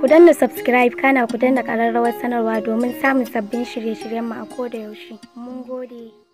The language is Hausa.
Ku danna subscribe kana ku danna ƙararrawar sanarwa domin samun sabbin shirye shiryen mu a koda yaushe. Mun gode.